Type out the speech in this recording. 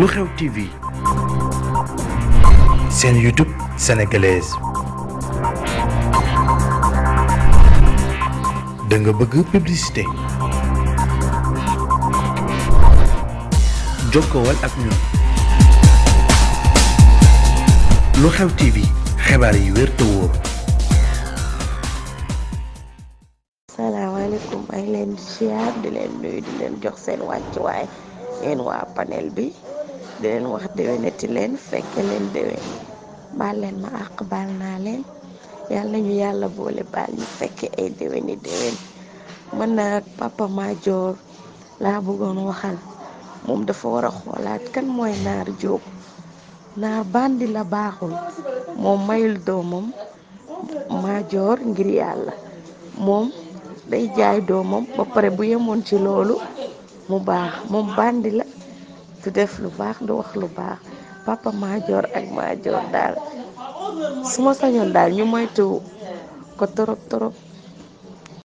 lu xew TV seen YouTube sénégalaise da nga bëgg publicité jokkowal ak ñun lu xew TV xibaar yi wér te wóor. salaamaaleykum maa ngi leen di jox seen wàccuwaay yéen waa panel bi. di leen wax déwénati leen fekke leen déwén baal leen ma àq baal naa leen yàlla ñu yàlla boole baal ñu fekke ay déwéni déwén mën nag papa Madior laa bëggoon waxal moom dafa war a xoolaat kan mooy naar jóob naar bandi la baaxul moom mayul doomam majoor ngir yàlla moom day jaay doomam ba pare bu yemoon ci loolu mu baax moom bandi la du def lu baax du wax lu baax papa maajoor ak maajoor daal su ma sañoon daal ñu moytu ko torop torop